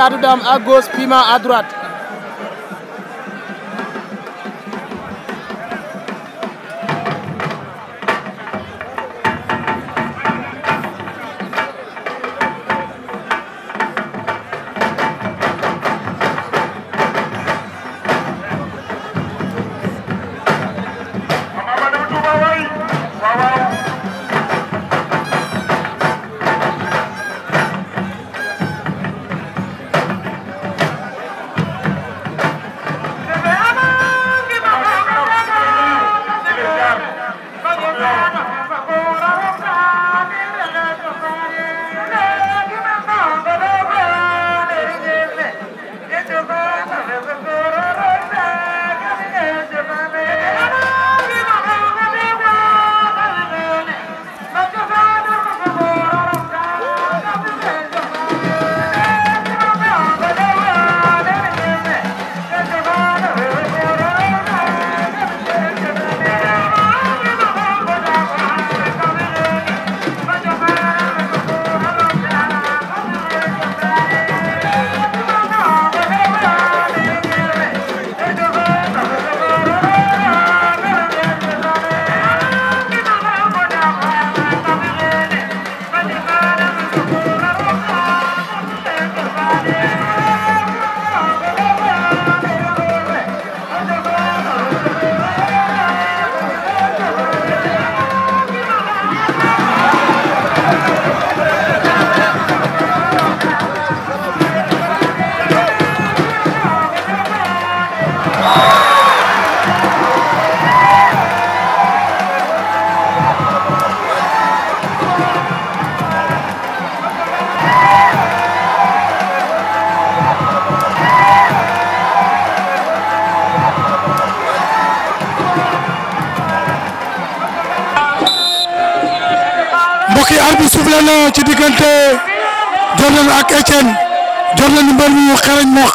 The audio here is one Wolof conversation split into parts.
Thiatou a à gauche Pima à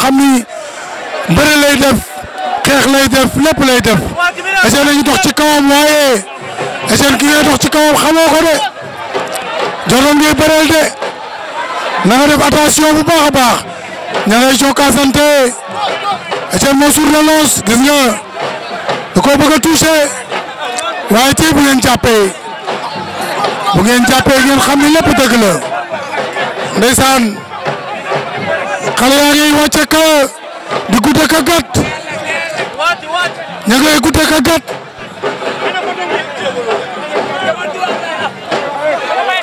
xam ni mbëre lay def xeex lay def lépp lay def Échelle ñu dox ci kawam waaye Échelle ki ngay dox ci kawam xamoo ko de jotoon ngay bëreel de na nga def attention bu baax a baax ña ngay jokkaasante Échelle moo suur la loos gis nga da koo bëgg a touché waaye tey bu ngeen jàppee bu ngeen jàppee ngeen xam ni lépp dëgg xale yaa ngi wàcce ka di gudde ka gàtt ña ngay gudde ka gàtt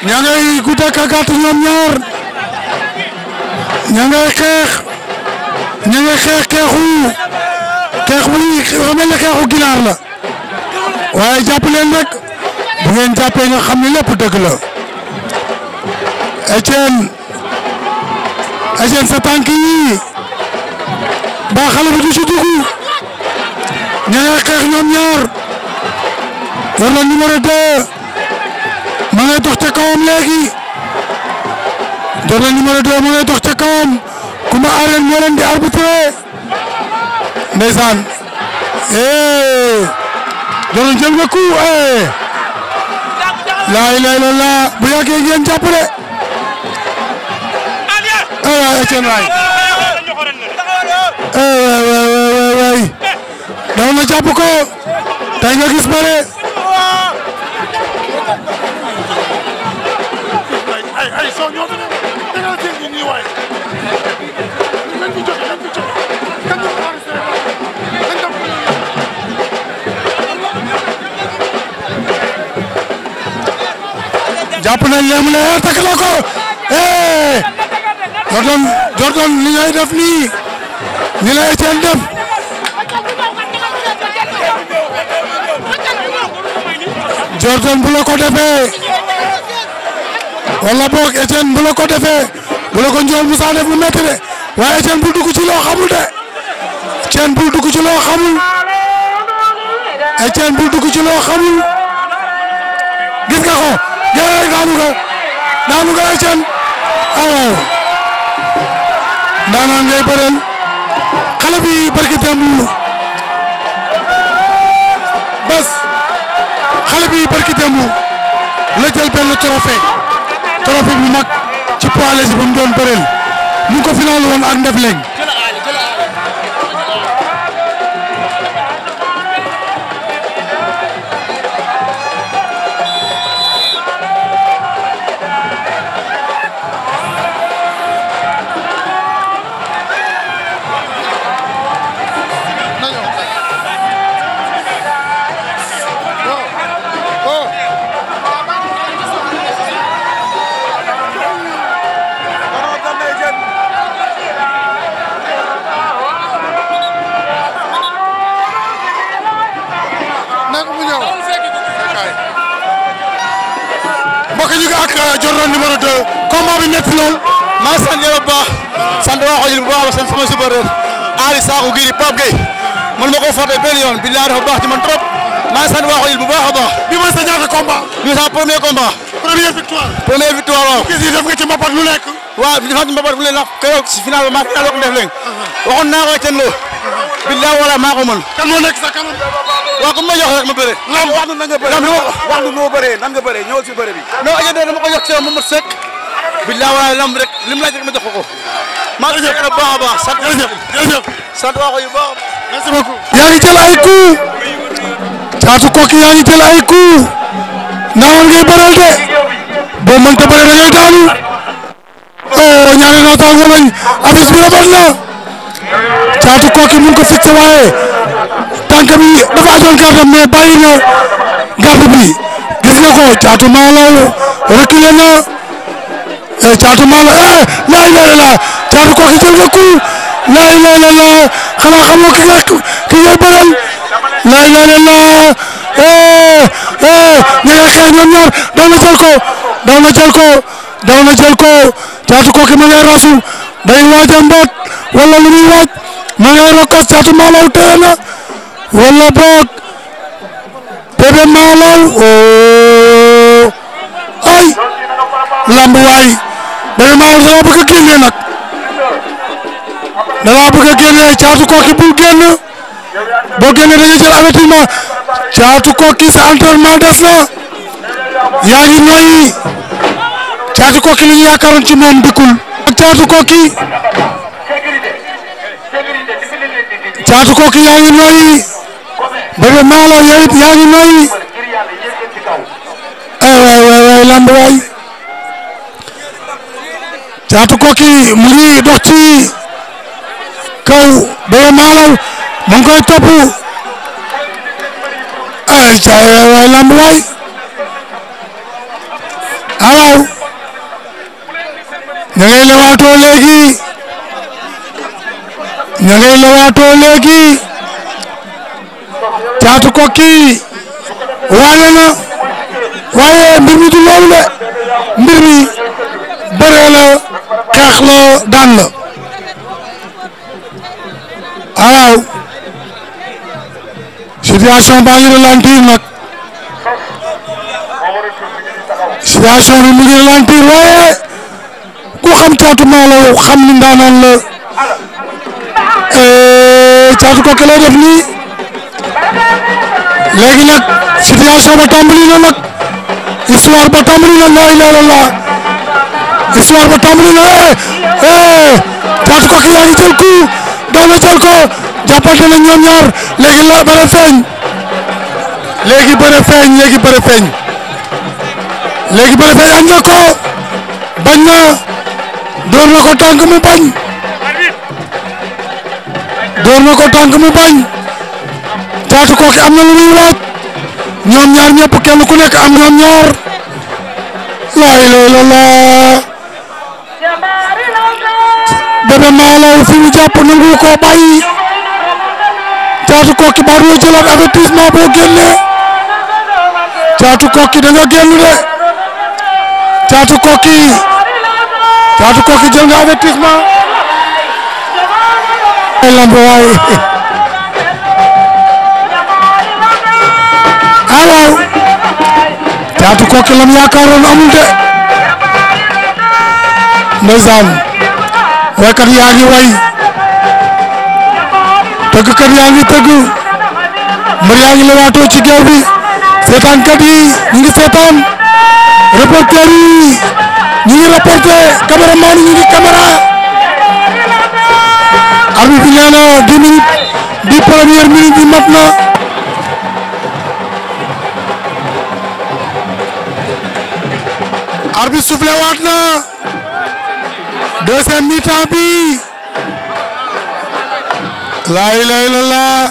ña ngay gudde ka gàtt ñoom ñaar ña ngay xeex ña ngay xeex xeexu xeex bu ñuy xeexu ginaar la waaye jàpp leen rek bu ngeen jàppee nga xam ne lépp dëgg la Etienne Étienne sa tànk yi ba xale bi du ci dugg ña ngay xeex ñoom ñaar war na numéro ma ngay dox ca kawam léegi war na numéro 2 ma ngay dox ca kawam Coumba Arène moo leen di arbitré ndeysaan eh doon jël nga coup eh laa ilaaha illallaah bu yàggee ngeen jàpp de ay eh, waay Etienne waay ay waay waay waay daw na jàpp ko tey nga gis bëre jàpp nañ leen mu ne takk na ko eh! Jordan Jordan li ngay def nii ni la Étienne def Jordan bu ko defee wala boog Étienne bu la ko defee bu la ko Ndiol Moussa def lu de waaye Étienne bul dugg ci loo xamul de Étienne bul dugg ci loo xamul gis nga ko gën a daanu nga daanu daanaan ngay bëreel xale bi barki démb bas xale bi barki démb la jël benn trophée trophée bu mag ci poids léger ba mu doon bëreel mu ko final woon ak Ndefleng ak Jordan euh, numéro 2. combat bi nekk lool. maa ngi sant yàlla bu baax. sant waa Xoyil bu baax sant sama supérieur. Ali Sakho gii di Pape Gueye. man ma ko fàtte benn yoon billahi dafa baax ci man trop. maa ngi sant waa Xoyil bu baax a baax. bi mooy sa ñaata combat. bi mooy sa premier combat. première victoire. première victoire waaw. gis nga def nga ci si final maa ngi final ba ko def léegi. naa ko ak billaay wala maa ko mën. kan moo nekk sa kanam. waaw ku ma jox rek ma bëree. naam wax na nan nga bëree. naam li ma wax na noo bëree nan nga bëree ñëw si bëree bi. non aywa dama ko yokk si ma mat sëkk. billaay wala lamb rek lim laaj rek ma jox ko ko. maa ngi jëf baax a baax sant jërëjëf jërëjëf. sant wax yu baax. merci beaucoup. yaa ngi jël ay coups. caatu kooki yaa ngi jël ay coups. ndaawal ngay bëral de. boo mënta bëree da ngay daanu. oh ñaari naataango lañ affiche bi rafet na Caatu Koki mun ko fixé waaye tànk bi dafa ajoon garde mais bàyyi na garde bi gis nga Caatu Malaw reculé na Caatu Malaw eh laa eh, ilaaha illallaah Caatu Koki jël na coup laa ilaaha illallaah xanaa xamoo ki nga na jël eh, eh, daw na jël ko daw na jël ko Caatu Koki ma ngay rasu day waaj a mboot wala lu muy waaj ma ngay rokkas caatu maalaw téye na boog bébé maalaw oo oh, ay lamb waay bébé maalaw dama bëgg a nag dama bëgg a caatu kooki bul génn boo génne dañuy jël caatu kooki sa entraînement des na yaa ngi noyyi caatu kooki li ñu yaakaaroon ci moom dikkul caatu kooki caatu kooki yaa ngi noyyi bébé maalo yaa ngi noyyi eh, ay waay waay lamb waay caatu kooki mu ngi dox kaw bébé maalo mu koy topp ay eh, caay waay waay lamb waay alaaw ñu ngi lewaatoo léegi ña ngay lewaatoo léegi caatu kokki waane na waaye mbir mi du loolu de mbir mi bëree la xeex la daan la ah, waaw situation baa ngi nag situation bi mu ngi ralentir waaye ku xam caatu maa la xam ni ndaanaan ay caatu Koké lay def nii léegi nag situation ba tàmbali na nag ba tàmbali na laa ilaaha illallaah histoire ba tàmbali na eh, eh. caatu Koké yaa ko jàppante na ñoom léegi la bëre feeñ léegi bëre feeñ léegi bëre feeñ léegi bëre feeñ añ na ko bañ na door na ko tànk mu bañ. door na ko tànk mu bañ Caatu Koki am na lu muy laaj ñoom ñaar ñëpp kenn ku nekk am ñoom ñaar laa ilaaha illallaah Bébé Malaw fi mu jàpp nangu ko bàyyi Caatu Koki baa doo jëlaat avertissement boo génnee Caatu Koki da nga de Caatu Koki Caatu Koki jël nga avertissement ay Caatu Koki lam yaakaaroon amul de ndeysaan waykat yaa ngi way tëggkat yaa ngi tëgg mbër yaa ngi lewaatoo ci géew bi seetaankat yi ñu ngi seetaan reporter yi ngi reporter caméraman yi ñu ngi caméra arbitre bi nee na dix minutes di première minute bi mat na arbitre soufflé waat na deuxième mi-temps laa ilaaha illallaah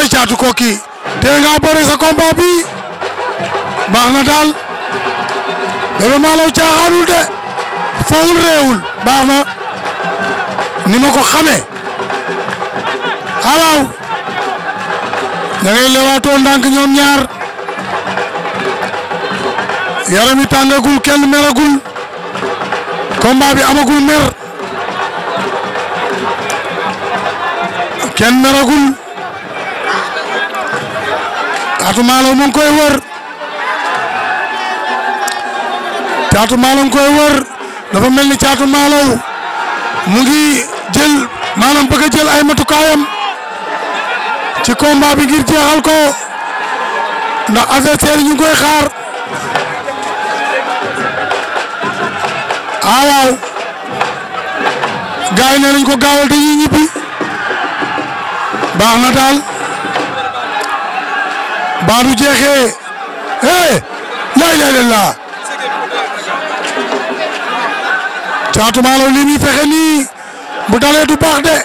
ay caatu kooki te nga sa combat bi baax na daal Bébé Malaw caaxaanul de foogul réewul baax ni ma ko xame waaw da ngay leewaatoo ndànk ñoom ñaar yaram yi tàngagul kenn meragul combat bi amagul mer kenn meragul Caatu Malaw mu ngi koy wër Caatu Malaw mu koy wër. dafa mel ni caatu maalaw mu ngi jël maanaam bëgg a jël ay matukaayam ci combat bi ngir jeexal ko ndax adversaire yi ñu koy xaar ah waaw gars yi ko gaawal dañuy ñibbi baax na daal baax du jeexee eh laa ilaaha illallaah Caatu Malaw li muy fexe nii bu dalee du baax de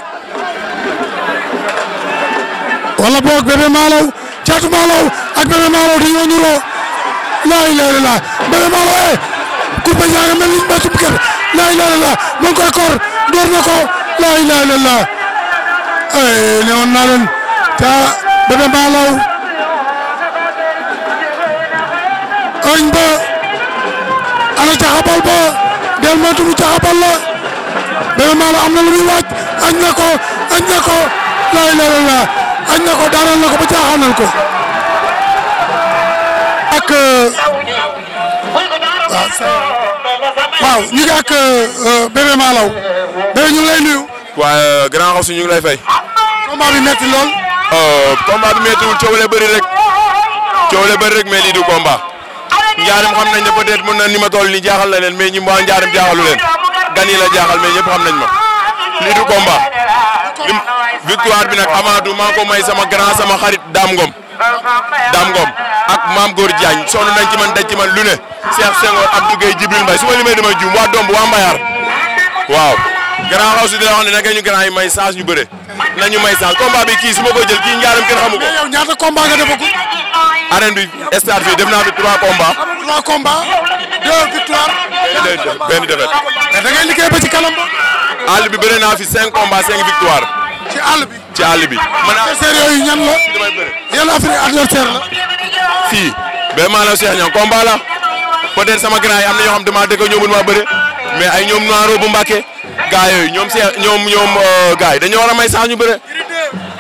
wala boog Bébé Malaw Caatu Malaw ak Bébé Malaw dañoo niroo laa ilaaha illallaah Bébé Malaw eh Koumba Ndiaye mel ni mbàccum kër laa ilaaha illallaah mu ngi koy koor door na ko laa ilaaha illallaah eh ne woon naa leen ca Bébé Malaw añ ba ana caxabal del moytu mu caxabal la Bébé Malo am na lu muy waaj añ na ko añ ko laay leeral na ko daanal na ko ba caaxaanal ko ak euh, waaw ñu ngi ak euh, euh, Bébé Malo Bébé ñu ngi lay nuyu. waaye grand xaw fay. combat bi metti lool. combat bi mettiwul coow la bëri rek coow la bëri rek mais lii du combat. njaarim xam nañ ne peut-être mën na ni ma toll nii jaaxal na leen mais ñi waa njaarim jaaxalu leen gan yi la jaaxal mais ñëpp xam nañ ma lii du combat victoire bi nag amaatu maa ko may sama grand sama xarit Dame Ngom Dame Ngom ak Mame Gor Diagne sonn nañ ci man daj ci man lu ne Cheikh Senghor Abdou Gueye Djibril Mbaye su ma limee damay juum waa Domb waa Mbayar waaw grand xaw si dina wax ne naka ñu grand yi may chance ñu bëre nañu may chance combat bi kii su ma ko jël kii njaaram kenn xamu ko. mais yow ñaata combat nga defagul. arène bi stade fii def naa fi trois combats. trois combats deux victoires. benn défaite. liggéey ba ci kanam ba. àll bi bëre naa fi cinq combats cinq victoires. ci àll bi ci àll bi. man ah, adversaire yooyu ñan la. yan affaire adversaire la. fii ba maanaam Cheikh Niang combat la peut-être sama grand yi am na ñoo xam damaa dëkk ñoom ma bëre mais ay ñoom Noiro bu Mbàkke gaa yooyu ñoom Cheikh ñoom ñoom euh, gaa yi dañoo war a ñu bëre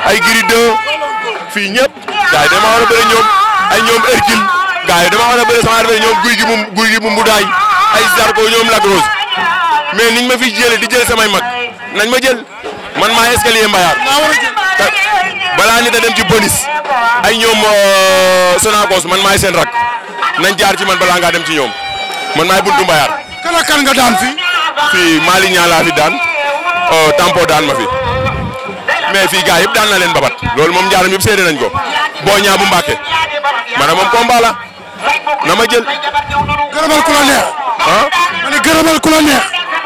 ay Gris ñoom. ay ñoom Hercule gars yi dama war a bëri sama ñoom guy gi mu guy gi mu mbudaay ay Zarko ñoom Lagros mais niñ ma fi jëlee di jël samay mag nañ ma jël man maa escalier mbayaar balaa nit a dem ci polis ay ñoom euh, Sonacos man maay seen rak nañ jaar ci man balaa ngaa dem ci ñoom man maay buntu mbayaar kan ak kan nga daan fi fii Mali ñaa laa fi daan euh, tampo daan ma fi mais fii gars yëpp daan na leen babat loolu moom njaaram yëpp seede nañ ko boo ñaa bu mbàkke maanaam moom combat la na ma jël. gërëmal ku la neex. ma ne gërëmal ku la neex.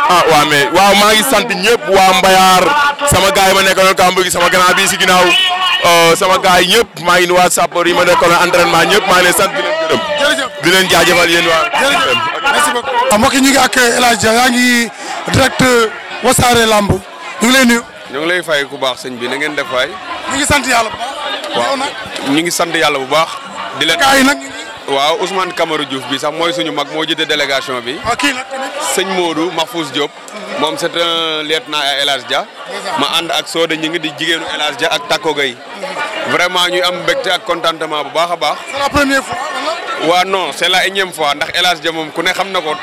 ah maa ngi sant ñëpp waa Mbayar sama gars yi ma nekkaloon kàmb sama grand bi si ginnaaw euh, sama gars yi ñëpp maa ngi nuyu waa sapeur yi ma nekkaloon entraînement ñëpp maa ngi leen sant di leen gërëm. jërëjëf di leen jaajëfal yéen waa. jërëjëf merci beaucoup. Ah, mbokk yi yaa ngi direct Wassare Lamb ñu ñu ngi lay fay ku baax sëñ bi na ngeen def waay. ñu ngi sant yàlla bu baax. waaw ñu ngi sant yàlla bu baax. di leen kaay nag waaw Ousmane Camara Diouf bi sax mooy suñu mag moo jiite délégation bi. waaw ah, kii nag sëñ Modou Mahfouz Diop. Mhm. moom c'est un lieutenant à Dia. ma ànd ak Soda ñu ngi di jigéenu El Hadj ak Takko mhm. vraiment ñuy am mbégte ak contentement bu baax a baax. c'est la première fois. waaw non c'est la énième fois ndax El Hadj moom ku ne xam na ko.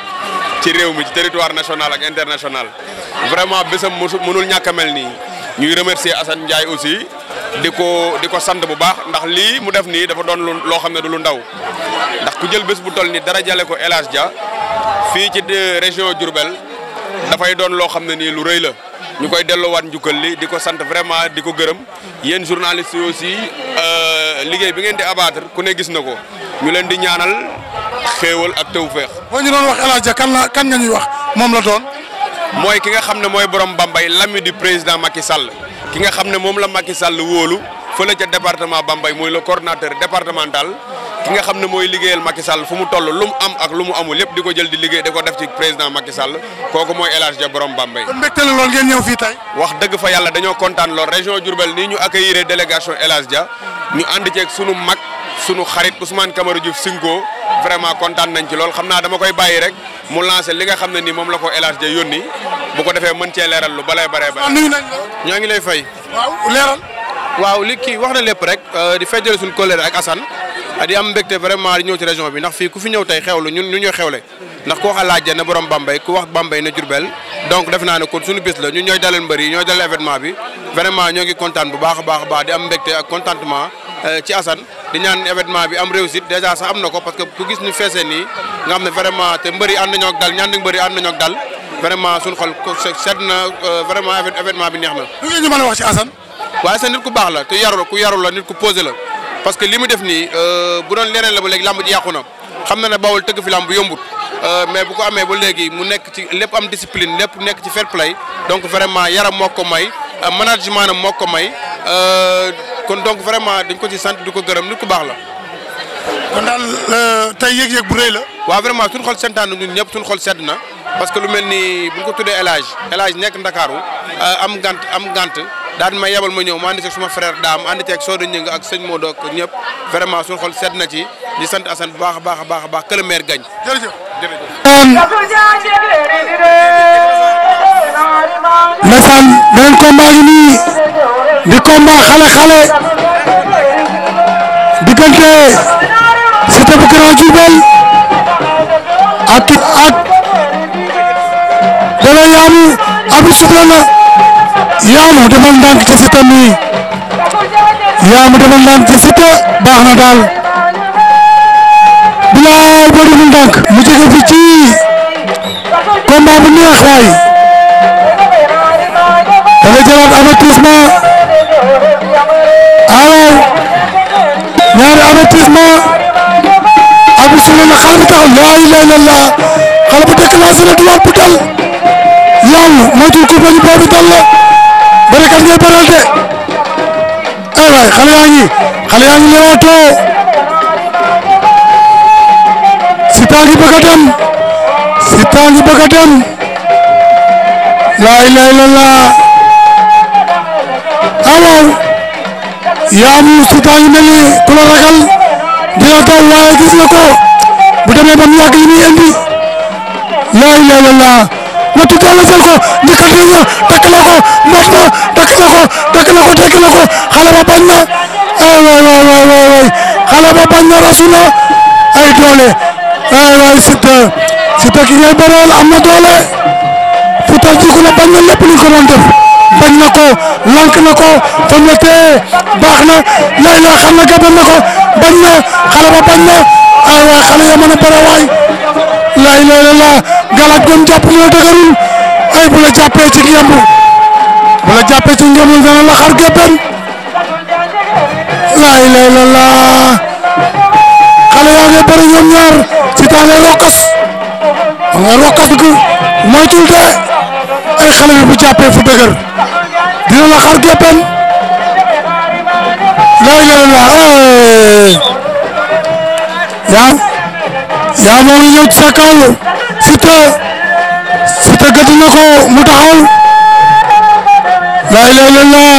ci réew mi ci territoire national ak international vraiment bésam mënul ñàkk a mel nii ñuy remercier assan Ndiaye aussi di ko di ko sant bu baax ndax lii mu def nii dafa doon loo xam ne du lu ndaw ndax ku jël bés bu tol nii dara jale ko El Hadj Dia fii ci de euh, région Diourbel dafay doon loo xam ne nii lu rëy la ñu koy delloowaat njukkal li di ko sant vraiment di ko gërëm yéen journalistes yi aussi euh, liggéey bi ngeen di abattre ku ne gis na ko ñu leen di ñaanal xéewal ak tawféex. boo ñu doon wax El Hadj kan la nga ñuy wax moom la doon. mooy ki nga xam ne mooy borom Bambey l'ami di président Macky Sall ki nga xam ne moom la Macky Sall wóolu fële ca département Bambey mooy le coordonnateur départemental ki nga xam ne mooy liggéeyal Macky Sall fu mu toll lu am ak lu mu amul lépp di ko jël di liggéey di ko def ci président Macky Sall kooku mooy El Hadj Dia borom Bambey. kon mbégte la lool ngeen ñëw fii tey. wax dëgg fa yàlla dañoo kontaan lool région Diourbel nii ñu accueillir délégation El Hadj Dia ñu ànd ceeg sunu mag. sunu xarit Ousmane Camara Diouf Sinko vraiment kontaan nañ ci lool xam naa dama koy bàyyi rek mu lancé li nga xam ne nii moom la ko El Hadj yónni bu ko defee mën cee leeral lu balay bare bare nuyu nañ la ngi lay fay. waaw waaw li kii wax na lépp rek euh, di feejale suñu collègue ak Assane ah, di am mbégte vraiment di ci région bi ndax fii ku fi ñëw tey xew ñun ñu xew le ndax ku wax Alaaji na borom Bambey ku wax Bambey na Jurbel donc def naa ne kon suñu bis la ñu ñooy dalal mbër yi ñooy dalal événement bi vraiment ñoo ngi kontaan bu baax a baax a baax di am mbégte ak Euh, ci Assane di ñaan événement bi am réussite déjà sax am na ko parce que ku gis ñu feesee nii nga xam ne vraiment te mbëri ànd nañoo ak dal ñaan mbëri ànd nañoo ak dal su suñu xol sedd na euh, vraiment événement bi neex na. lu ngeen ñu mën a wax ci Assane. waaye Assane nit ku baax la te yaru la ku yaru la nit ku posé la parce que li mu def nii euh, bu doon leneen la ba léegi làmb ji yàqu na xam na ne bawul tëgg fi làmb yombut. mais bu ko amee ba léegi mu nekk ci lépp am discipline lépp nekk ci fair play donc vraiment yaram moo ko may. Euh, management na moo ko may euh, kon donc vraiment dañ ko ci sant du ko gërëm nit ku baax la. kon daal euh, tey yëg-yëg bu rëy la. waaw vraiment suñu xol sentaan na ñun ñëpp suñu xol sedd na parce que lu mel ni bu ñu ko tuddee El Hadj El Hadj nekk Ndakaaru am gant am gant daan ma yebal ma ñëw ma ànd ceeg suma frère daam ànd ceeg Soda Ñëng ak sëñ Modou ak ñëpp vraiment suñu xol sedd na ci di sant Assane bu baax a baax a baax que le maire gagne. jërëjëf jërëjëf. ndeysaan beneen combat yi nii di combat xale-xale diggante Siteu bu Grand Diourbel ak ak dana yaamu abi soxla yaamu defal ndànk ci Siteu mi yaamu defal ndànk ci Siteu baax na daal bilaay boo deful ndànk mu jóge fi ci combat bu neex waay ma jëlaat avertissement waaw ñaari avertissement abisina na xale bu taxaw laa ilaaha illallaah xale bu déclenché na du wax bu dal yàlla moytul ko bañu boobu dal barakat ngay baral de ay waay xale yaa ngi xale yaa ngi dem Siteu ngi bëgg dem laa ilaaha illallaah waaw yaa mu suutaa ngi mel ni la ragal waaye gis na ko bu demee ba mu yàgg li muy indi laa ilaaha illallaah na tukkal la jël ko njëkkal réew ya takk la ko mot na takk ko takk la ko tekk ko xale bañ na ay waay waay waay waay bañ na rasula ay doole ay waay ngay bëreel am doole Fouta Diouf la bañ na lépp lu ko bañ na ko lank na ko fañ la tee baax na lay laa xam na gabal na ko bañ na xale ba bañ na ay waay xale ya mën a bare waay lay lay la galaaj gom jàpp na la dëgërul ay bu la jàppee ci ngemb bu la jàppee ci ngemb dana la xar gëppam lay lay la la xale yaa ngi bare ñoom ñaar ci taa ngay rokkas nga rokkas ko moytul de ay xale bi bu jàppee fu dëgër dina la xar géppen lay lay la eh. yaa yaa moom ñëw ci sa kaw Siteu Siteu gëdd mu taxaw lay lay la dawat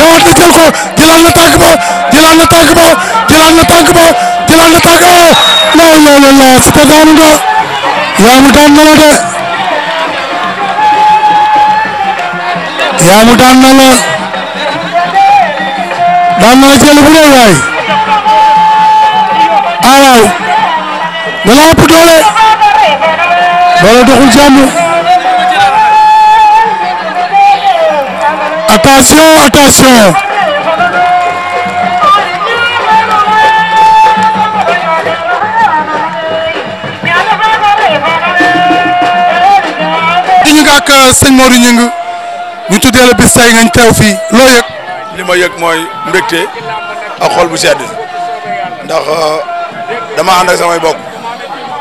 na jël ko jëlaat na tànk ba jëlaat na tànk ba jëlaat na tànk ba jëlaat na tànk ba lay lay la Siteu daanu nga yaa mu daan na la de yaa daan na daan na la bu rëy waay ah waaw da la ëpp doole doole doxul jàmm attention attention ñu ngi ak sëñ Modou Gningue ñu tuddee la bis tey ngañ teew fii loo yëg. li ma yëg mooy mbégte ak xol bu sedd ndax euh, dama ànd ak samay bokk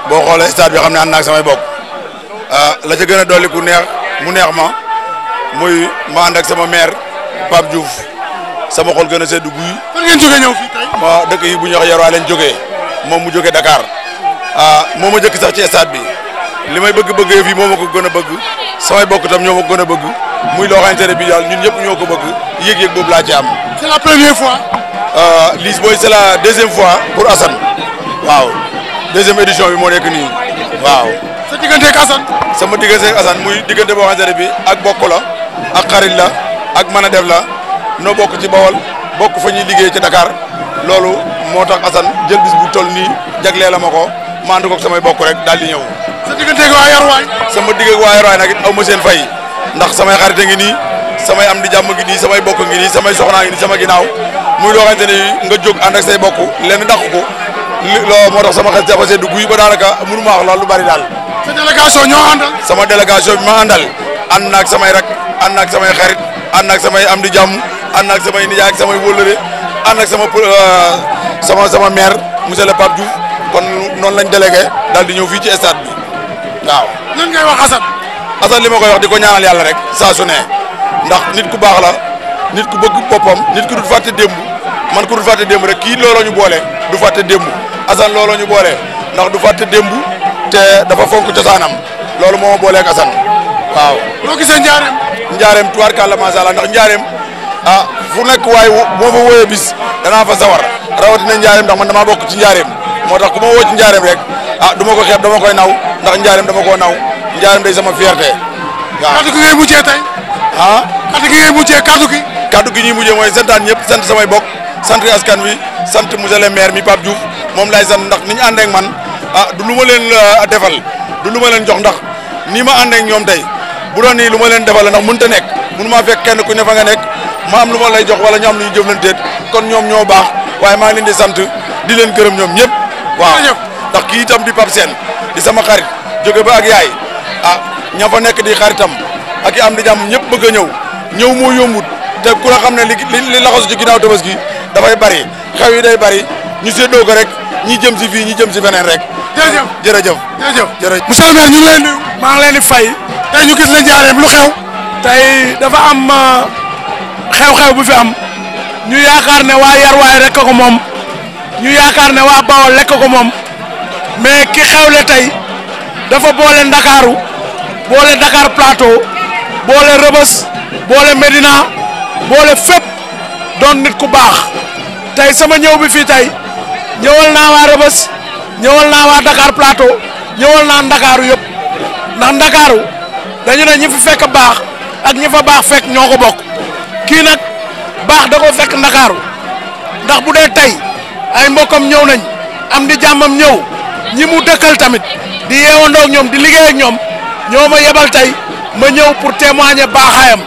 boo xoolee stade bi xam ne ànd naa ak samay bokk euh, la ca gën a dolli ku neex mu neex ma muy ma ak sama maire Pape Diouf sama gën a sedd guy. fan ngeen jógee ñëw fii dëkk yi bu ñu wax Yarwaa leen jógee moom mu jógee Dakar euh, moom ma jëkk sax ci stade bi li may bëgg-bëgg yëf yi moo ma ko gën a bëgg samay bokk itam ñoo ma ko gën a bëgg. muy loo xamante bi daal ñun ñëpp ñoo ko bëgg yëg-yëg boobu laa ci am. c'est la première fois. Euh, lise booy c'est la deuxième fois pour Assane waaw deuxième édition bi moo nekk nii waaw. sa diggante ak sama diggante ak Assane muy diggante boo xamante ne bi ak bokk la ak xarit la ak mën a la noo bokk ci Bawol bokk fa ñuy liggéey ci Dakar loolu moo tax Assane jël bis bu toll nii jagleel la ma ko maandu ko ak samay bokk rek daal di ñëw. sa diggante ak waa Yarwaay. sama digg ak waa Yarwaay nag it aw ma seen fay. ndax samay xarit a ngi nii samay am di jàmm ngi nii samay bokk ngi nii samay soxnaa ngi nii sama ginnaaw muy loo xamante ni nga jóg ànd ak say bokk lenn dàq ko li loo moo tax sama xel dafa sedd guy ba daanaka mënu ma wax loolu lu bari daal. sa délégation ñoo àndal. sama délégation bi ma àndal ànd naag samay rak ànd naag samay xarit ànd naag samay am di jàmm ànd naag samay nijaay ak samay wóllëre ànd naag sama euh, sama sama maire monsieur le Pape Diouf kon noonu lañ délégué daal di ñëw fii ci stade bi waaw. Assane li ma koy wax di ko ñaanal yàlla rek saa su ndax nit ku baax la nit ku bëgg boppam nit ku dul fàtte démb man ku dul fàtte démb rek kii looloo ñu boole du fàtte démb Assane looloo ñu boole ndax du fàtte démb te dafa fonk cosaanam loolu moo ma boole ak waaw. gisee njaareem. njaareem tuwaar kàlla macha allah ndax njaareem a ah, fu nekk waaye boo fa wooyee bis danaa fa sawar rawatina njaareem ndax man damaa bokk ci njaareem moo tax ku ma woo ci njaareem rek ah, ko xeeb dama koy naw ndax njaareem koo naw. Njaareem day sama fierté waa kaddu gi ngay mujjee tey ah kaddu gi ngay mujjee kaddu gi kaddu gi ñuy mujjee mooy santaan ñëpp sant samay bokk sant askan wi sant monsieur le maire mi Pape Diouf moom laay sant ndax ni ñu àndee ak man ah du lu ma leen euh, defal du lu ma leen jox ndax nii ma àndee ñoom tey bu doon nii lu ma leen defal la ndax mënut a nekk munu ma fekk kenn ku ne fa nga nekk ma am lu ma lay jox wala ñu am lu ñu jëflanteet kon ñoom ñoo baax waaye maa ngi leen di sant di leen gërëm ñoom ñëpp waaw ndax kii itam di Pape Sène di sama xarit jóge ba ak yaay ah ña fa nekk di xaritam ak i am di jàmm ñëpp bëgg a ñëw ñëw moo yombut te ku la xam ne li li laxasu ci ginnaaw tabaski dafay bari xew yi day bari ñu séddoo ko rek ñi jëm si fii ñi jëm si feneen rek. jërëjëf jërëjëf jërëjëf jërëjëf. monsieur le maire ñu ngi lay nuyu. maa ngi leen di fay. tey ñu gis la njaareem lu xew. tey dafa am uh, xew-xew bu fi am ñu yaakaar ne waa Yarwaay rek ko moom ñu yaakaar ne waa Bawol lekk ko moom mais ki xewle tey dafa boole Ndakaaru boole Dakar Plateau boole Rebeuss boole Medina boole fépp doon nit ku baax tey sama ñëw bi fii tey ñëwal naa waa Rebeuss ñëwal naa waa Dakar Plateau ñëwal naa Ndakaaru yëpp ndax Ndakaaru dañu ne ñi fi fekk baax ak ñi fa baax fek ñoo ko bokk kii nag baax da ko fekk Ndakaaru ndax bu dee tey ay mbokkam ñëw nañ am di jàmmam ñëw ñi mu dëkkal tamit di yeewandoog ñoom di liggéey ak ñoom ñoo ma yebal tey ma ñëw pour témoigner baaxaayam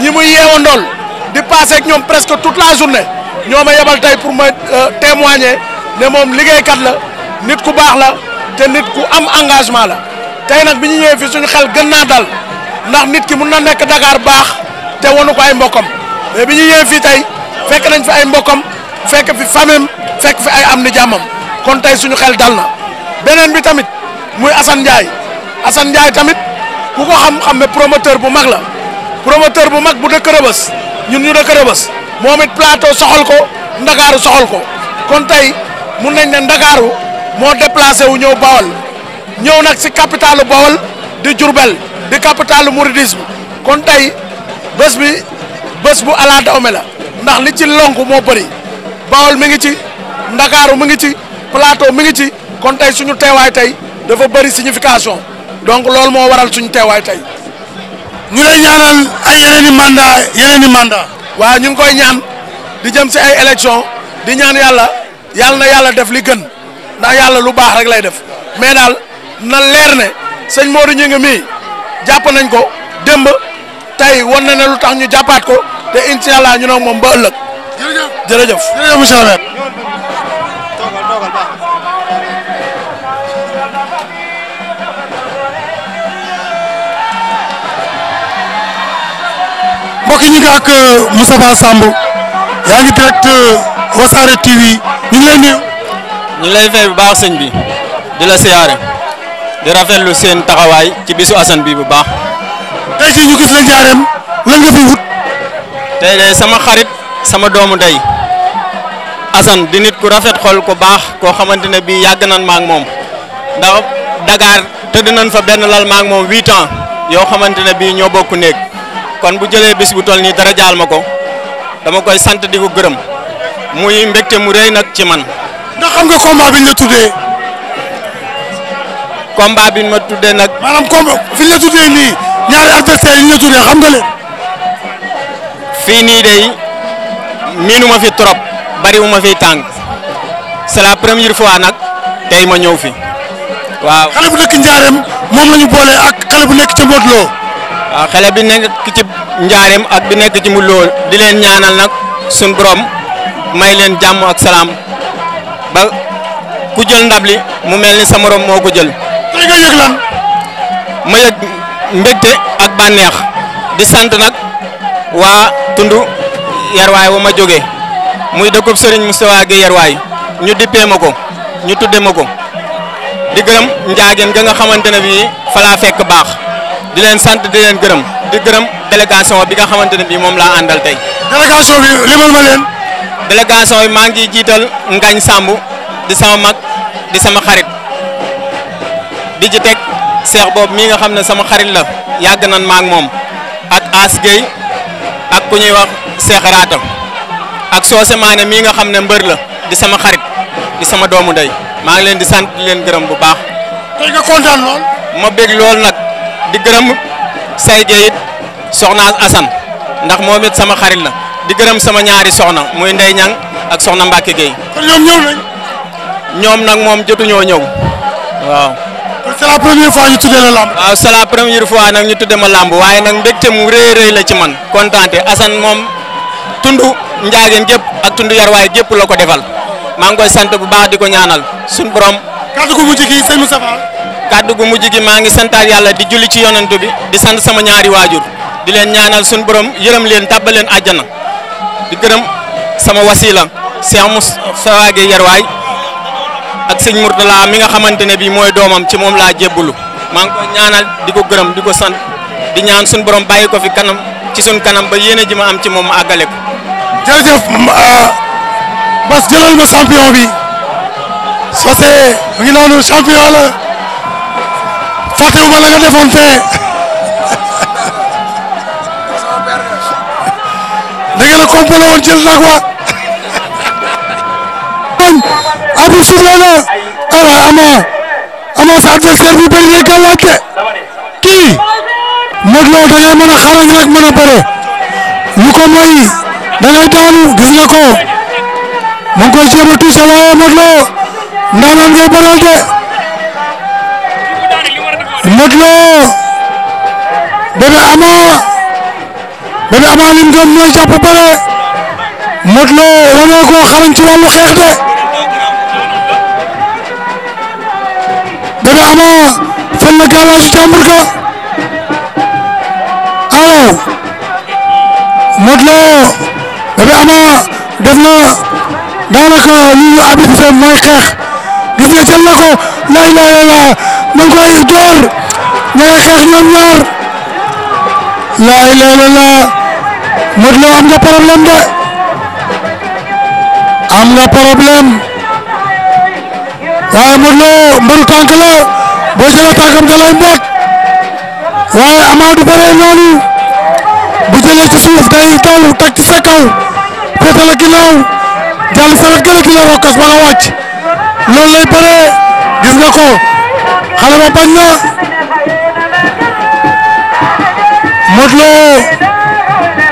ñi muy yeewandool di passé ñoom presque toute la journée ñoo ma yebal tey pour ma euh, témoigner ne moom liggéeykat la nit ku baax la te nit ku am engagement la tey nag bi ñu ñëwee fii suñu xel gën naa dal ndax nit ki mun na nekk Dakar baax te wanu ko ay mbokkam mais bi ñu ñëwee fii tey fekk nañ fi ay mbokkam fekk fi famem fekk fi ay am ni jàmmam kon tey suñu xel dal na beneen bi tamit muy Assane Assane Ndiaye tamit ku ko xam-xam ne promoteur bu mag la promoteur bu mag bu dëkk Rëbës ñun ñu dëkk Rëbës moom it plateau soxal ko ndakaaru soxal ko kon tey mun nañ ne ndakaaru moo déplacé wu ñëw Bawol ñëw nag si capitalu Bawol di Diourbel di capitalu mouridisme kon tey bés bi bés bu ala dawme la ndax li ci lonku moo bëri Bawol mi ngi ci ndakaaru mi ngi ci plateau mi ngi ci kon tey suñu teewaay tey dafa bëri signification donc loolu moo waral suñ teewaay tey. ñu lay ñaanal ay yeneen i mandat yeneen i mandat waaw ñu ngi koy ñaan di jëm si ay élection di ñaan yàlla yàlla na yàlla def li gën ndax yàlla lu baax rek lay def mais naal na leer ne sëñ Modou Gningue mii jàpp nañ ko démb tey wan na ne lu tax ñu jàppaat ko te incha allah ñu ne moom ba ëllëg. jërëjëf jërëjëf jërëjëf monsieur mbokk ñi ngi ak euh, Moustapha Samb yaa ngi direct euh, Wassare TV ñu ngi lay ñu lay fay bu baax sëñ bi di la siyaare di rafetlu seen taxawaay ci bisu Assane bi bu baax. tey si ñu gis la njaareem lan nga fi wut. tey de sama xarit sama doomu day Assane di nit ku rafet xol ku baax koo xamante ne bii yàgg nañ ma ak moom ndax Dakar tëdd nañ fa benn lal ma moom huit ans yoo xamante ne bii ñoo bokk néeg. kon bu jëlee bis bu toll nii dara jaal ma ko dama koy sant di ko gërëm muy mbégte mu rëy nag ci man. ndax xam nga combat bi ñu la tuddee. combat bi ma tuddee nag. maanaam combat fi ñu tuddee nii ñaari adversaires yi ñu tuddee xam nga leen. fii nii day miinu ma fi trop bariwu ma fi tànk c'est la première fois nag tey ma ñëw fi waaw. xale bu nekk njaareem moom la ñu boole ak xale bu nekk ca Modou loo waaw bi nekk ci njaareem ak bi nekk ci mu lool di leen ñaanal nag suñ borom may leen jàmm ak salaam ba ku jël ndab li mu mel ni sa morom moo ko jël. tey nga yëg lan. ma yëg mbégte ak bànneex di sant nag waa tund yarwaay wa ma jógee muy dëkkub Serigne Moustapha Gueye yarwaay ñu dippee ma ko ñu tuddee ma ko di gërëm njaageen ga nga xamante ne bii fa fekk baax. di leen sant di leen gërëm di gërëm délégation bi nga xamante ne bii moom laa àndal tey. délégation bi limal ma leen. délégation bi maa ngi jiital Ngañ Samb di sama mag di sama xarit di ci teg seex boob mii nga xam ne sama xarit la yàgg nan maak moom ak As Gueye ak ku ñuy wax Seex Raata ak Soose Maane mii nga xam ne mbër la di sama xarit di sama doomu ndey maa ngi leen di sant di leen gërëm bu baax. tey nga kontaan lool. ma bég lool nag. di gërëm say géey it soxna Assane ndax moom it sama xarit la di gërëm sama ñaari soxna muy Ndey Ñang ak soxna Mbacke Gueye. ñoom ñëw nag moom jotuñoo ñëw waaw. c'est la première fois ñu tuddee la lamb. ñu tuddee ma lamb waaye nag mbégte mu rëy rëy la ci man kontaante Assane moom tund njaageen gépp ak tund yarwaay gépp la ko defal maa sant bu baax di ko ñaanal suñu borom. kàddu ko mujj kii sëñ Moustapha kàddu gu mujj gi maa ngi santaat yàlla di julli ci yonantu bi di sant sama ñaari waajur di leen ñaanal suñu borom yërëm leen tàbbal leen àjjana di gërëm sama wasila Cheikh Moustapha Gueye Yerwaay ak sëñ Mourtala mi nga xamante ne bii mooy doomam ci moom laa jébbalu maa ngi ko ñaanal di ko gërëm di ko sant di ñaan suñu borom bàyyi ko fi kanam ci suñ kanam ba yéene ji ma am ci moom ma àggale ko. jërëjëf ah, Bas jëlal ma champion bi soo see ngi noonu champion la. fàttewuma la nga defoon fee da ngeen a complété nag wa. Abou Soufla la ara bu bëri day gàllankte kii Modou Lo da ngay xarañ rek mën a bëre lu ko mooy da ngay daanu gis nga ko mu ngi koy a touché waaye Modou Lo ndaanaan ngay de. Modou Lo Bébé Ama Bébé Ama lim doon mooy jàpp bëre Modou Lo wane ko xarañ xeex de Bébé Ama fan la gàllaaju jàmbur ga aw Modou Lo Bébé Ama def na daanaka li xeex gis nga lay lay lay man koy door ña nga na ñoom ñaar laa ilaaha illallaah Modou Lo am nga problème de am nga problème waaye Modou Lo mbaru tànk la boo jëlee tànkam da lay waaye Ama du bëree bu jëlee ci suuf day taw teg ci sa kaw féete la ginnaaw jàll sa wet gën a kii lay bëree gis nga ko xale ba na. Modou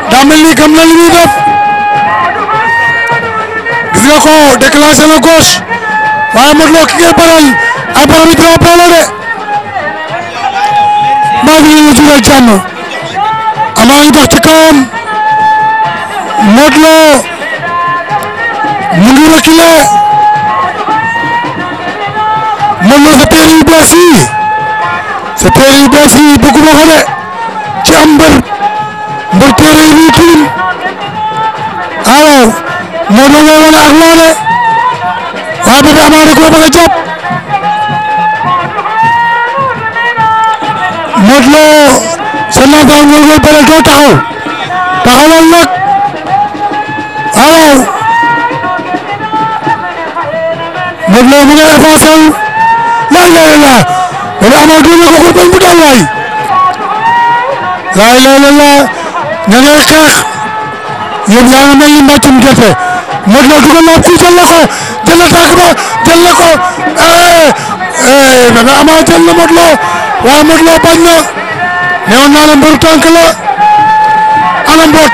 Lo daa mel ni xam na li gis nga ko déclenché na gauche waaye Modou Lo ki ngay baral ay baram yu de maa ngi leen di suural jàmm amaana dox ci kawam Modou Lo mu ngi reculé Modou Lo sa teer yu bees sa teer yu bees yi bëgguma ci am mbër mbër téere yi ñuy tilim alors Modou Lo wala ak loole waaye ba amaana da koo bëgg a jàpp Modou Lo sa nantaay mooy bëre doo taxaw taxawal nag xeex xeex yéen yaa ngi mel gerte Modou Lo dugal na fii jël na ko jël na tànk ba jël na ko Bébé eh, eh, Ama jël na Modou Lo waaye Modou Lo bañ na newoon naa la mbëru tànk la ana mboot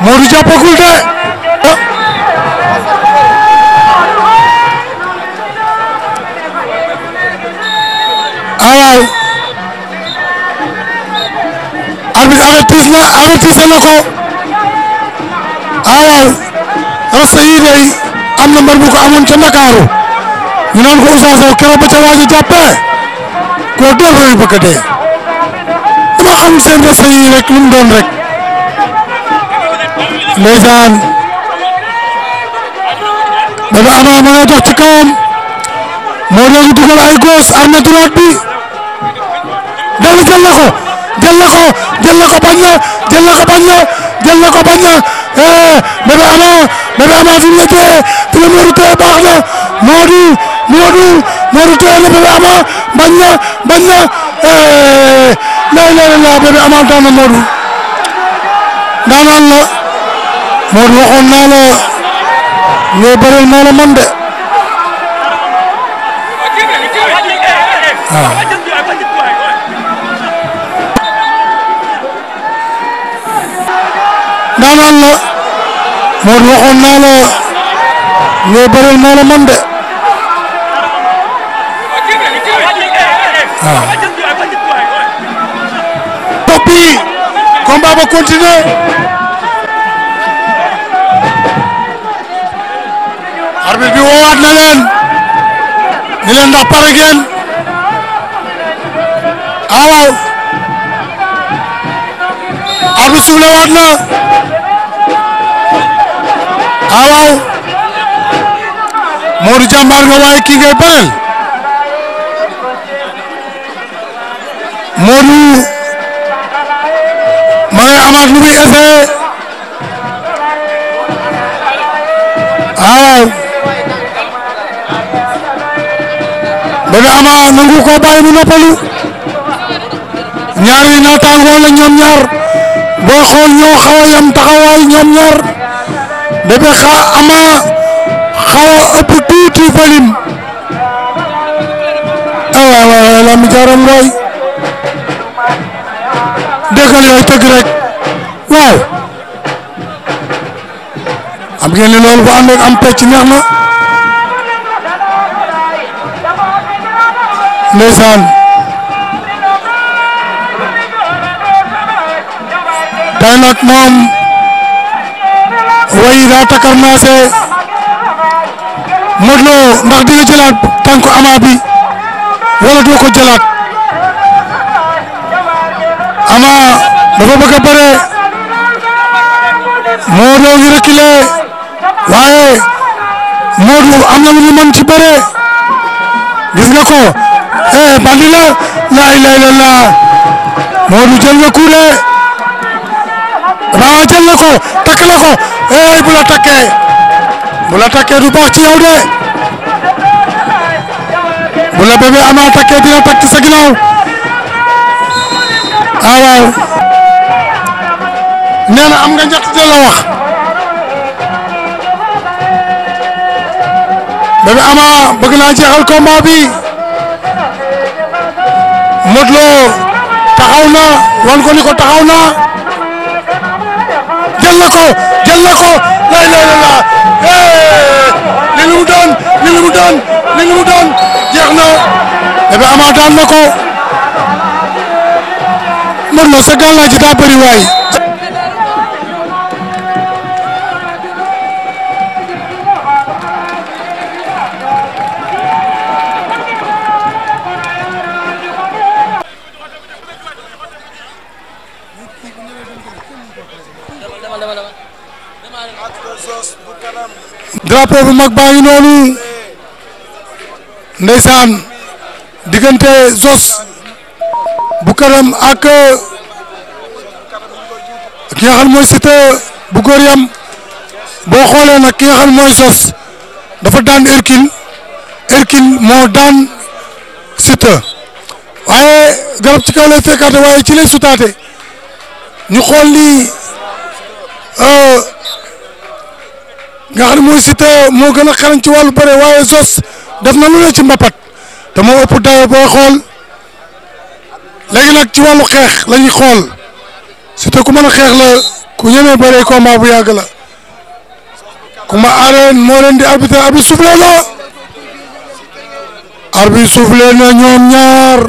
Modou jàppagul de ah, ah avertissement avertissé na ko waaw rasta yi am na mbër bu ko amoon ca Ndakaaru naan ko Oustaz Sow keroog ba ca waaj a jàppee koo dóor looy bëgg a dee dama xam seen rasta yi rek lu mu doon rek ndeysaan bébé Ama ma ngay dox ci kawam moo doon dugal ay góos armé droite bi dellu jël na ko jël na ko jël na ko bañ na jël na ko bañ na na ko bañ eh, baax na Modou Modou Modou na Bébé Ama bañ na bañ na eh, lay lay la Bébé Ama daan na Modou daanaan la Modou waxoon naa la Mor waxoon naa la yow bëreel naa la man de waaw. Ah. papi bi woowaat leen ni leen ndax pare ngeen ah waaw suuf la ah waaw Modou jàmbaar nga waaye kii ngay bëreel Modou ma ngay amaat lu muy essayé ah waaw bébé ama nangu ko bàyyi mu noppalu ñaar yi naataangoo la ñoom ñaar boo xool ñoo xaw a yem taxawaay ñoom ñaar. bébé xa ama xaw a ëpp tuuti volume aywa ah, waaw lamb jaaram ngoy déggal yooyu tëgg rek waaw am ngeen ne loolu bu ànd ak am pecc neex na ndeysaan tey nag moom wa idaa takarnaase Modou Lo ndax dina jëlaat tànku Ama bi wala doo ko jëlaat Ama dafa bëgg a bëre Modou Lo ngi reculé waaye am na lu mu ci bëre gis nga ko eh bandi la laa ilaaha illallaah Modou jël na coup de Ama jël ko takk ko. hey bu la takkee bu la takkee du baax ci yow de bu la takkee dina takk ci sa ginnaaw ah na am nga njëkk de wax bébé ama bëgg naa jeexal combat bi Modou Lo taxaw ko ni ko ko. jël na ko lay lay la laa li li mu doon li li mu doon li li mu doon jeex na Bébé Ama daan na ko Modou Lo sa gàllaaj ji daa bëri waay drapeau mag baa ngi noonu diggante Zos bu kanam ak ki nga xam mooy Siteu bu góor boo xoolee nag ki nga xam mooy Zos dafa daan Hercule Hercule moo daan Siteu waaye garab ci kaw lay fekkaate waaye ci lay sutaate ñu xool lii nga xam ne mooy Siteu moo gën a xarañ ci wàllu bëre waaye Zoss def na lu ne ci mbapat te moo ëpp dayo booy xool léegi nag ci wàllu xeex la ñuy xool Siteu ku mën a xeex la ku ñemee bëre combat bu yàgg la ku ma moo leen di arbitre arbitre soufflé na arbitre soufflé na ñoom ñaar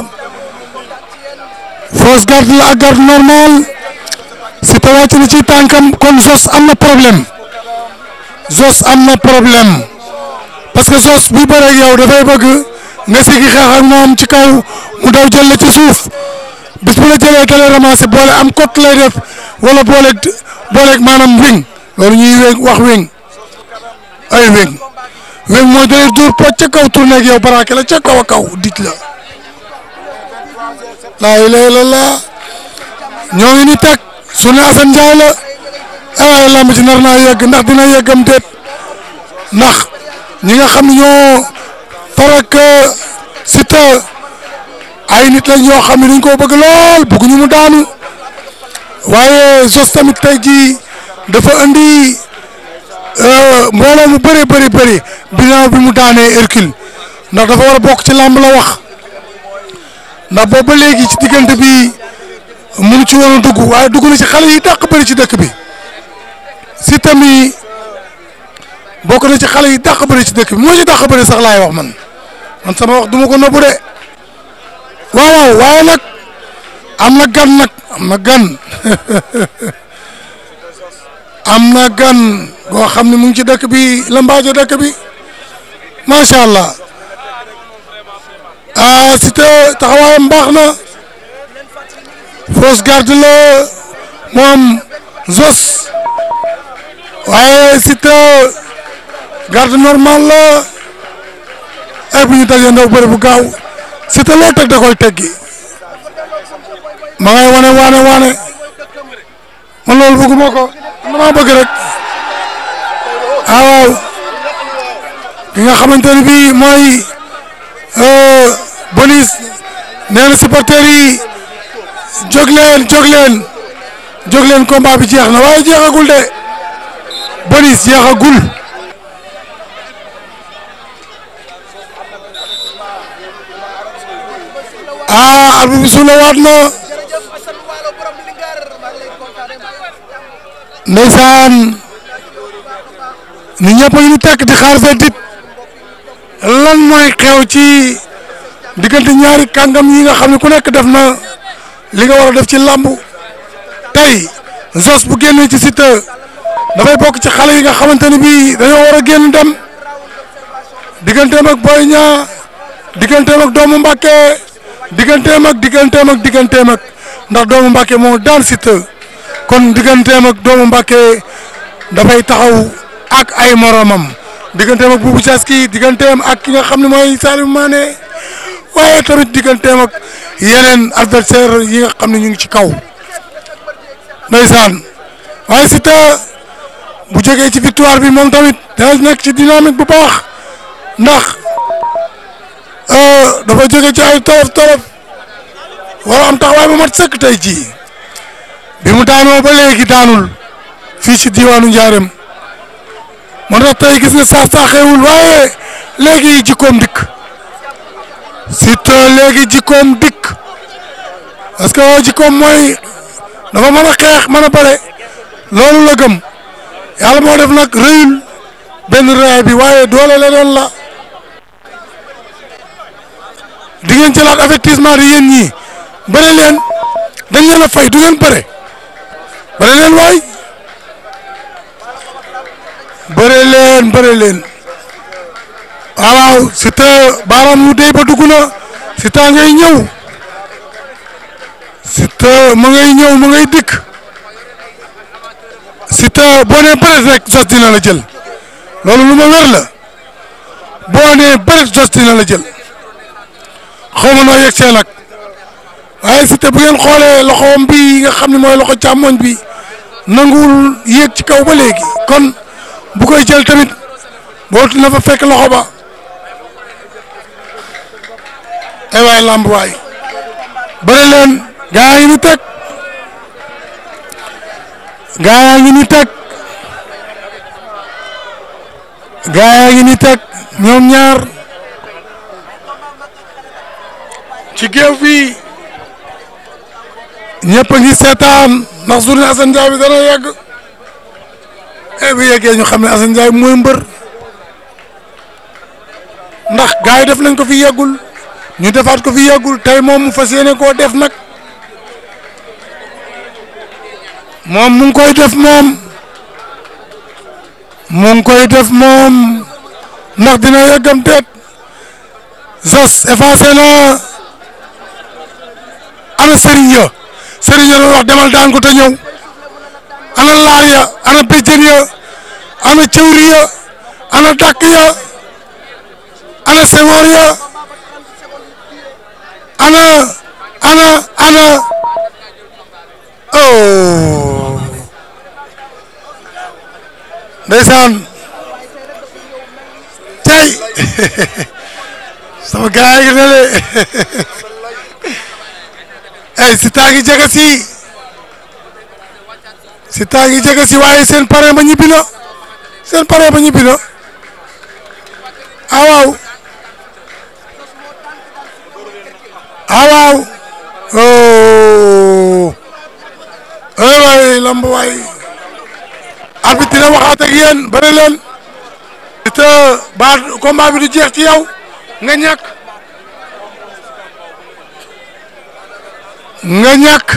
fausse garde la ak garde normal Siteu wàcc na ci tànkam kon Zoss am na problème Zoss am na problème parce que Zoss bu bëreeg yow dafay bëgg nga sigi xeex ak moom ci kaw mu daw jël la ci suuf bis bu la jëlee dalee ramasser boole am kot lay def wala booleeg booleeg maanaam wing loolu wax wing ay wing wing mooy day dóor poj ca kaw tourné ak baraake la ca kaw a kaw dit la laa ilaaha illallaah ñoo ngi su ne Assane Ndiaye la. waaye eh, lamb ci nar naa yegg ndax dina yeggam déet ndax ñi nga xam ne ñoo farak eh, Siteu ay nit lañ ñoo xam ne dañ koo bëgg lool bëgguñu mu daanu waaye Zoss tamit tey jii dafa andi eh, mbooloo mu bëri bëri bëri binaaw bi mu daanee Hercule ndax dafa war a bokk ci lamb la wax ndax boobu ba léegi ci diggante bi mënu ci woon a dugg waaye dugg na ci xale yi dàq bëri ci dëkk bi. Siteu mi bokk na ci xale yi dàq bëri ci dëkk bi moo ci dàq bëri sax wax man man sama wax duma ko nëbbu de waaw waaw waaye nag am na gan nag am na gan am na gan boo xam ne mu ngi ci dëkk bi lambaajo dëkk bi macha allah ah Siteu taxawaayam baax na fausse garde la moom Zos. waaye Siteu garde normal la ay bu ñu dajee ndaw bëri bu gaaw Siteu loo teg da koy teggi ma ngay wane waane waane man loolu bëgguma ko dama bëgg rek ah, waaw ki nga xamante ne bii mooy bolis euh, nee na supporters yi jóg leen jóg leen jóg leen combat bi jeex na waaye jeexagul de. bonus jeexagul ah arbitre bi suuna waat na ndeysaan ni ñëpp ñu tekk di xaar verdict lan mooy xew ci diggante ñaari kàngam yi nga xam ne ku nekk def na li nga war a def ci lambu tey Zoss bu génnee ci Siteu dafay bokk ci xale yi nga xamante ni bii dañoo war a génn dem digganteem ak Boy ñaa digganteem ak doomu mbake digganteem ak digganteem ak digganteem ak ndax doomu Mbàkke moo daan Siteu kon digganteem ak doomu Mbàkke dafay taxaw ak ay moromam digganteem ak Boubou Diaski digganteem ak ki nga xam ne mooy Salim Mané waaye tamit digganteem ak yeneen adversaire yi nga xam ne ñu ngi ci kaw ndeysaan waaye Siteu bu jógee ci victoire bi moom tamit dana nekk ci dynamique bu baax ndax euh, dafa jóge ci ay tolof tolof wala am taxawaay bu mat sëkk tey jii bi mu daanoo ba léegi daanul fii ci diwaanu Ndiarème moo tax gis nga saa saa waaye léegi jikkoom dikk surtout léegi jikkoom dikk parce que jikkoom mooy dafa mën xeex mën a bare loolu la yàlla moo def nag rëyul benn rëyaay bi waaye doole la doon la di ngeen jëlaat avertissement di yéen ñii bëri leen dañ leen a fay du ngeen bëre bëri leen waay bëri leen bëri leen waaw si te baaraam dey ba dugg na si taa ngay ñëw si te ma ngay ñëw ma ngay dikk Siteu boo nee bëreet rek Zoss dina la jël loolu lu ma wér la boo nee bëreet Zoss dina la jël xaw ma noo yegg see nag waaye Siteu bu ngeen xoolee loxoom bi nga xam ne mooy loxo càmmoñ bi nanguwul yéeg ci kaw ba léegi kon bu koy jël tamit bootu na fa fekk loxo ba ay eh waay waay bëri leen gaa yi ñu teg gaa yaa ni teg gaa yaa ngi ni teg ñoom ñaar ci géew fii ñëpp a ngi seetaan ndax journée Assane Ndiaye bi dana yegg e bu yeggee ñu xam ne Assane Ndiaye mooy mbër ndax gaa yi def nañ ko fi yeggul ñu defaat ko fi yeggul tey moom mu fas yéene koo def nag moom mu ngi koy def moom mu koy def moom ndax dina yëggam teet Zoss effacé ana Serigne ya Serigne ya la wax demal daan ko te ñëw ana laar ya ana béjjën ya ana cëwri ya ana dàkk ya ana sengoor ya ana ana ana oh ndeysaan tey sama gaay yi ne le ay si taa ngi jege si si taa ngi jege si waaye seen pare ba ñibbi seen pare ba ñibbi na awaaw ah, awaaw ah, oh. ay waay lamb waay arbitre dina waxaat ak yéen bëri leen te ba combat bi du jeex ci yow nga ñàkk nga ñàkk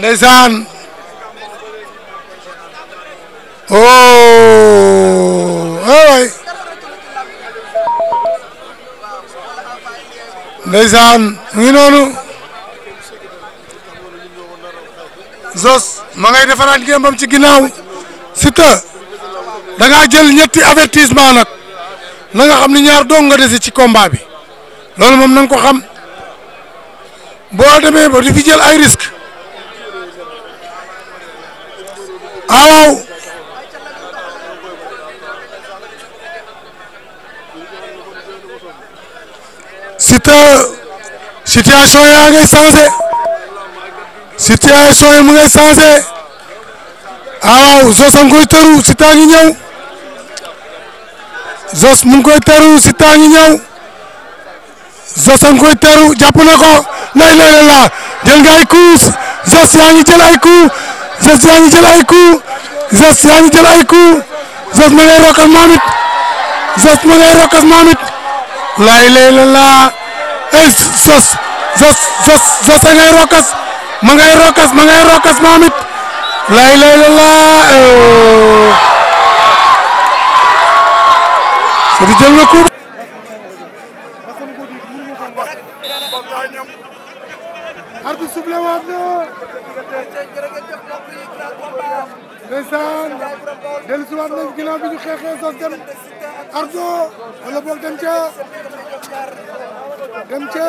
ndeysaan oh ay waay ndeysaan mu noonu Zoss ma ngay defaraat ngémbam ci ginnaaw Siteu da ngaa jël ñetti avertissement nag na nga xam ni ñaar dong nga dese ci combat bi loolu moom na ko xam boo demee ba di jël ay risque ah Siteu situation yaa ngay changé situation yi mu ngay changé waaw Zoss a ngi koy tëru Siteu a ngi ñëw Zoss mu ngi koy tëru Siteu a ngi ñëw Zoss a ngi koy tëru jàpp na ko lay lay la laa jël nga ay coups Zoss yaa ngi jël ay coups Zoss yaa ngi jël ay coups Zoss yaa ngi jël ay coups Zoss ma ngay rokkas maamit Zoss ma ngay rokkas maamit laay lay la laa ay sos sos sos a ngay rokas ma ngay rokas ma ngay rokas moom it laay lay la laa so di jël na coup ndeysaan dellu si waat nañ bi ñu xeexee sos dem ardo wala boog dem ca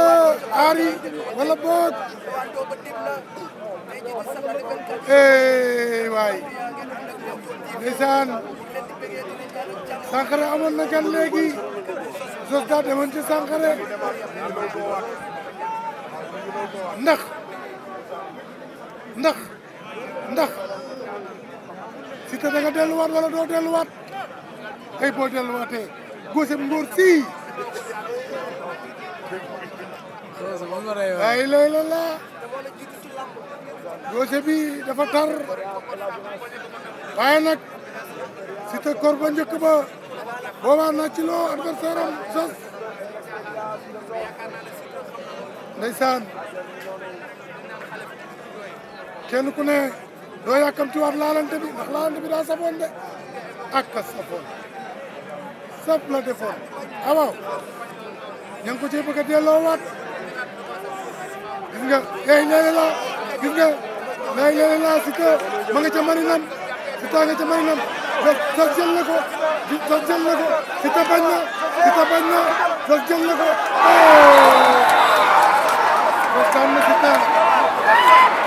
aari wala boog eh waay ndeysaan Sankharé amoon na gan léegi sos daa demoon ci Sankharé ndax ndax ndax Siteu da nga delluwaat wala doo delluwaat ay boo delluwaatee góosam ngóor sii. ay lay la la góose dafa tar waaye nag Siteu kor ba njëkk ba boobaa na ci loo adversaire am sos ndeysaan kenn ku doo yàkkamtiwaat laalante bi ndax laalante bi daa safoon de ak a safoon la defoon awaaw ah ña ngi ko cee bëgg a delloowaat gis nga ey léegi laa gis nga léegi léegi laa si que ma nga ca si taa nga ca marinam Zoss jël na ko Zoss jël na ko si ta bañ na si ta bañ na Zoss jël na ko Zoss daan na si